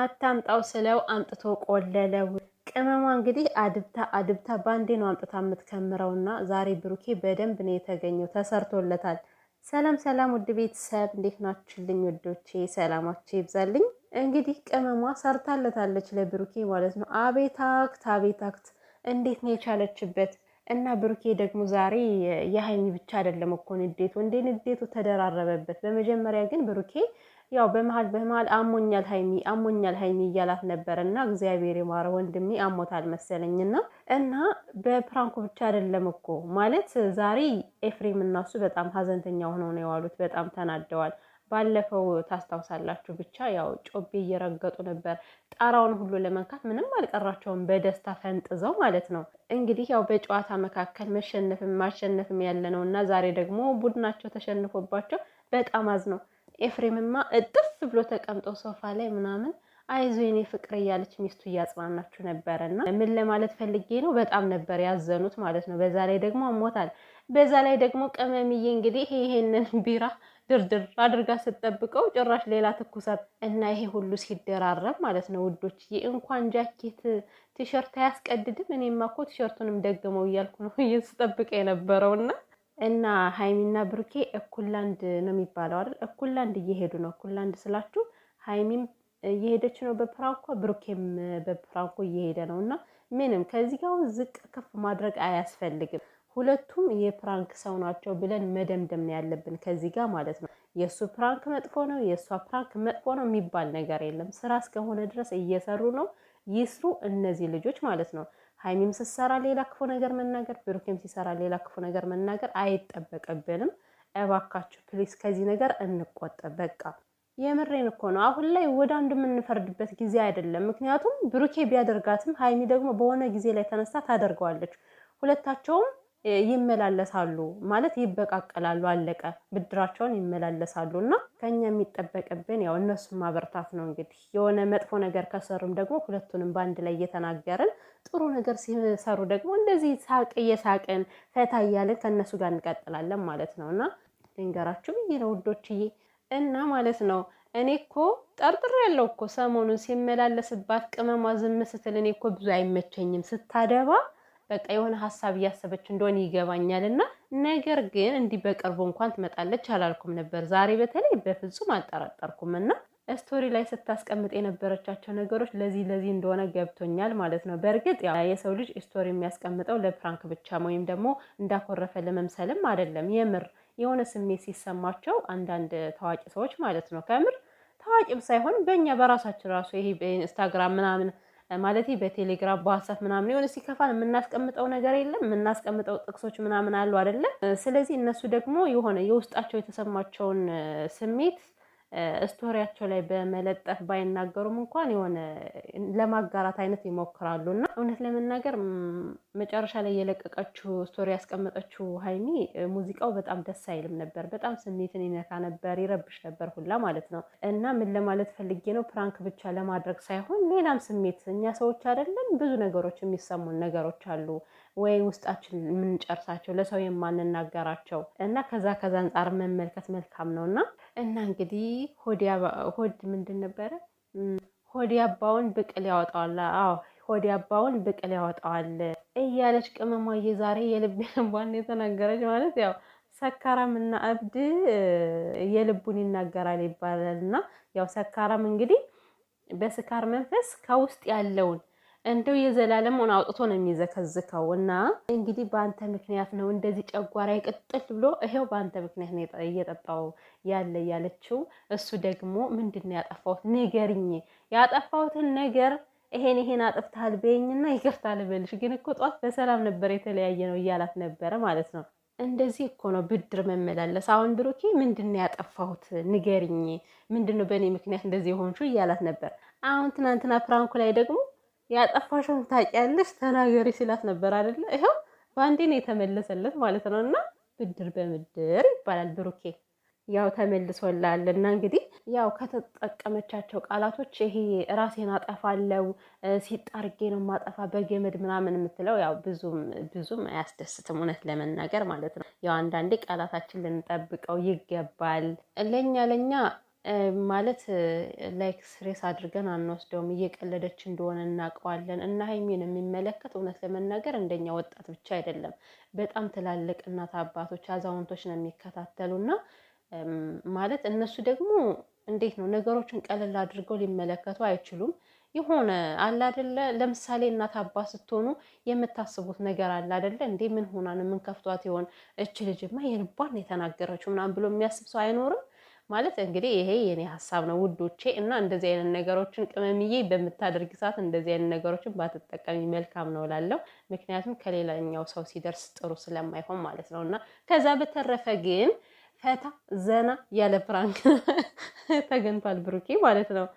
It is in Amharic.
አታምጣው ስለው አምጥቶ ቆለለው። ቅመሟ እንግዲህ አድብታ አድብታ ባንዴ ነው አምጥታ የምትከምረውና ዛሬ ብሩኬ በደንብ ነው የተገኘው፣ ተሰርቶለታል። ሰላም ሰላም፣ ውድ ቤተሰብ እንዴት ናችሁልኝ? ውዶቼ ሰላማችሁ ይብዛልኝ። እንግዲህ ቅመሟ ሰርታለታለች ለብሩኬ ማለት ነው። አቤት አክት፣ አቤት አክት፣ እንዴት ነው የቻለችበት! እና ብሩኬ ደግሞ ዛሬ የሀይሚ ብቻ አይደለም እኮ ንዴቱ፣ እንዴ ንዴቱ ተደራረበበት። በመጀመሪያ ግን ብሩኬ ያው በመሀል በመሀል አሞኛል ሀይሚ አሞኛል ሀይሚ እያላት ነበር እና እግዚአብሔር የማረ ወንድሜ አሞታል መሰለኝና እና በፕራንኩ ብቻ አይደለም እኮ ማለት ዛሬ ኤፍሬም እናሱ በጣም ሀዘንተኛ ሆነው ነው የዋሉት። በጣም ተናደዋል። ባለፈው ታስታውሳላችሁ። ብቻ ያው ጮቤ እየረገጡ ነበር። ጣራውን ሁሉ ለመንካት ምንም አልቀራቸውም፣ በደስታ ፈንጥዘው ማለት ነው። እንግዲህ ያው በጨዋታ መካከል መሸነፍም ማሸነፍም ያለ ነው እና ዛሬ ደግሞ ቡድናቸው ተሸንፎባቸው በጣም አዝነው ኤፍሬምማ እጥፍ ብሎ ተቀምጦ ሶፋ ላይ ምናምን አይዞ የኔ ፍቅር እያለች ሚስቱ እያጽናናችሁ ነበረ። እና ምን ለማለት ፈልጌ ነው፣ በጣም ነበር ያዘኑት ማለት ነው። በዛ ላይ ደግሞ አሞታል። በዛ ላይ ደግሞ ቅመምዬ እንግዲህ ይሄንን ቢራ ድርድር አድርጋ ስትጠብቀው ጭራሽ ሌላ ትኩሳት እና ይሄ ሁሉ ሲደራረብ ማለት ነው ውዶች እንኳን ጃኬት ቲሸርት አያስቀድድም። እኔማ እኮ ቲሸርቱንም ደግመው እያልኩ ነው እየስጠብቀ የነበረውና እና ሀይሚና ብሩኬ እኩላንድ ነው የሚባለው አይደል? እኩላንድ እየሄዱ ነው። እኩላንድ ስላችሁ ሀይሚም እየሄደች ነው በፕራንኳ፣ ብሩኬም በፕራንኮ እየሄደ ነው። እና ምንም ከዚህ ጋር ዝቅ ከፍ ማድረግ አያስፈልግም። ሁለቱም የፕራንክ ሰው ናቸው ብለን መደምደም ነው ያለብን ከዚህ ጋር ማለት ነው። የእሱ ፕራንክ መጥፎ ነው፣ የእሷ ፕራንክ መጥፎ ነው የሚባል ነገር የለም። ስራ እስከሆነ ድረስ እየሰሩ ነው። ይስሩ እነዚህ ልጆች ማለት ነው። ሀይሚም ስትሰራ ሌላ ክፉ ነገር መናገር፣ ብሩኬም ሲሰራ ሌላ ክፉ ነገር መናገር አይጠበቅብንም። እባካችሁ ፕሊስ ከዚህ ነገር እንቆጠብ። በቃ የምሬን እኮ ነው። አሁን ላይ ወደ አንዱ የምንፈርድበት ጊዜ አይደለም። ምክንያቱም ብሩኬ ቢያደርጋትም ሀይሚ ደግሞ በሆነ ጊዜ ላይ ተነስታ ታደርገዋለች። ሁለታቸውም ይመላለሳሉ ማለት ይበቃቀላሉ። አለቀ። ብድራቸውን ይመላለሳሉ እና ከኛ የሚጠበቅብን ያው እነሱን ማበርታት ነው። እንግዲህ የሆነ መጥፎ ነገር ከሰሩም ደግሞ ሁለቱንም በአንድ ላይ እየተናገርን ጥሩ ነገር ሲሰሩ ደግሞ እንደዚህ ሳቅ እየሳቅን ፈታ እያልን ከእነሱ ጋር እንቀጥላለን ማለት ነው እና ልንገራችሁ ብዬ ነው ውዶችዬ እና ማለት ነው እኔ እኮ ጠርጥር ያለው እኮ ሰሞኑን ሲመላለስባት ቅመሟ ዝም ስትል እኔ እኮ ብዙ አይመቸኝም ስታደባ በቃ የሆነ ሀሳብ እያሰበች እንደሆነ ይገባኛል። እና ነገር ግን እንዲህ በቅርቡ እንኳን ትመጣለች አላልኩም ነበር። ዛሬ በተለይ በፍጹም አልጠራጠርኩም። እና ስቶሪ ላይ ስታስቀምጥ የነበረቻቸው ነገሮች ለዚህ ለዚህ እንደሆነ ገብቶኛል ማለት ነው። በእርግጥ የሰው ልጅ ስቶሪ የሚያስቀምጠው ለፕራንክ ብቻ ወይም ደግሞ እንዳኮረፈ ለመምሰልም አይደለም። የምር የሆነ ስሜት ሲሰማቸው አንዳንድ ታዋቂ ሰዎች ማለት ነው ከምር ታዋቂም ሳይሆን በእኛ በራሳችን ራሱ ይሄ ኢንስታግራም ምናምን ማለት በቴሌግራም በዋትሳፕ ምናምን የሆነ ሲከፋን የምናስቀምጠው ነገር የለም የምናስቀምጠው ጥቅሶች ምናምን አሉ አይደለም። ስለዚህ እነሱ ደግሞ የሆነ የውስጣቸው የተሰማቸውን ስሜት ስቶሪያቸው ላይ በመለጠፍ ባይናገሩም እንኳን የሆነ ለማጋራት አይነት ይሞክራሉ እና እውነት ለመናገር መጨረሻ ላይ የለቀቀችው ስቶሪ ያስቀመጠችው ሀይሚ ሙዚቃው በጣም ደስ አይልም ነበር። በጣም ስሜትን ይነካ ነበር፣ ይረብሽ ነበር ሁላ ማለት ነው። እና ምን ለማለት ፈልጌ ነው፣ ፕራንክ ብቻ ለማድረግ ሳይሆን ሌላም ስሜት እኛ ሰዎች አይደለም ብዙ ነገሮች የሚሰሙን ነገሮች አሉ። ወይ ውስጣችን የምንጨርሳቸው ለሰው የማንናገራቸው እና ከዛ ከዛ አንጻር መመልከት መልካም ነው እና እና እንግዲህ ሆድ ምንድን ነበረ? ሆድ ያባውን ብቅል ያወጣዋል። አዎ ሆድ ያባውን ብቅል ያወጣዋል እያለች ቅመሟዬ ዛሬ የልቤን እንቧን የተናገረች ማለት ያው ሰካራም እና እብድ የልቡን ይናገራል ይባላል እና ያው ሰካራም እንግዲህ በስካር መንፈስ ከውስጥ ያለውን እንደው የዘላለሙን አውጥቶ ነው የሚዘከዝከው። እና እንግዲህ በአንተ ምክንያት ነው እንደዚህ ጨጓራ ቅጥል ብሎ ይሄው በአንተ ምክንያት ነው እየጠጣው ያለ ያለችው። እሱ ደግሞ ምንድን ነው ያጠፋሁት ንገርኝ፣ ያጠፋሁትን ነገር ይሄን ይሄን አጥፍታል በይኝና ይቅርታ ልበልሽ፣ ግን እኮ ጠዋት በሰላም ነበር የተለያየ ነው እያላት ነበረ ማለት ነው። እንደዚህ እኮ ነው ብድር መመላለስ። አሁን ብሩኬ ምንድን ነው ያጠፋሁት ንገርኝ፣ ምንድን ነው በእኔ ምክንያት እንደዚህ የሆንሹ እያላት ነበር። አሁን ትናንትና ፕራንኩ ላይ ደግሞ ያጠፋሽን ታውቂያለሽ ተናገሪ ሲላት ነበር አይደለ? ይኸው በአንዴ ነው የተመለሰለት ማለት ነው። እና ብድር በምድር ይባላል ብሩኬ ያው ተመልሶላል። እና እንግዲህ ያው ከተጠቀመቻቸው ቃላቶች ይሄ ራሴን አጠፋለው ሲጣርጌ ነው ማጠፋ በገመድ ምናምን የምትለው ያው ብዙም ብዙም አያስደስትም እውነት ለመናገር ማለት ነው። ያው አንዳንዴ ቃላታችን ልንጠብቀው ይገባል። ለኛ ለኛ ማለት ላይክ ስሬስ አድርገን አንወስደውም። እየቀለደች እንደሆነ እናውቀዋለን። እና ሀይሚን የሚመለከት እውነት ለመናገር እንደኛ ወጣት ብቻ አይደለም፣ በጣም ትላልቅ እናት አባቶች፣ አዛውንቶች ነው የሚከታተሉና ማለት እነሱ ደግሞ እንዴት ነው ነገሮችን ቀለል አድርገው ሊመለከቱ አይችሉም። የሆነ አለ አደለ፣ ለምሳሌ እናት አባት ስትሆኑ የምታስቡት ነገር አለ አደለ፣ እንዴ ምን ሆናን የምንከፍቷት ይሆን እች ልጅማ የልቧን የተናገረችው ምናምን ብሎ የሚያስብ ሰው አይኖርም። ማለት እንግዲህ ይሄ የኔ ሀሳብ ነው ውዶቼ። እና እንደዚህ አይነት ነገሮችን ቅመምዬ በምታደርግ ሰዓት እንደዚህ አይነት ነገሮችን ባትጠቀሚ መልካም ነው ላለው፣ ምክንያቱም ከሌላኛው ሰው ሲደርስ ጥሩ ስለማይሆን ማለት ነው። እና ከዛ በተረፈ ግን ፈታ ዘና ያለ ፕራንክ ተገንቷል ብሩኬ ማለት ነው።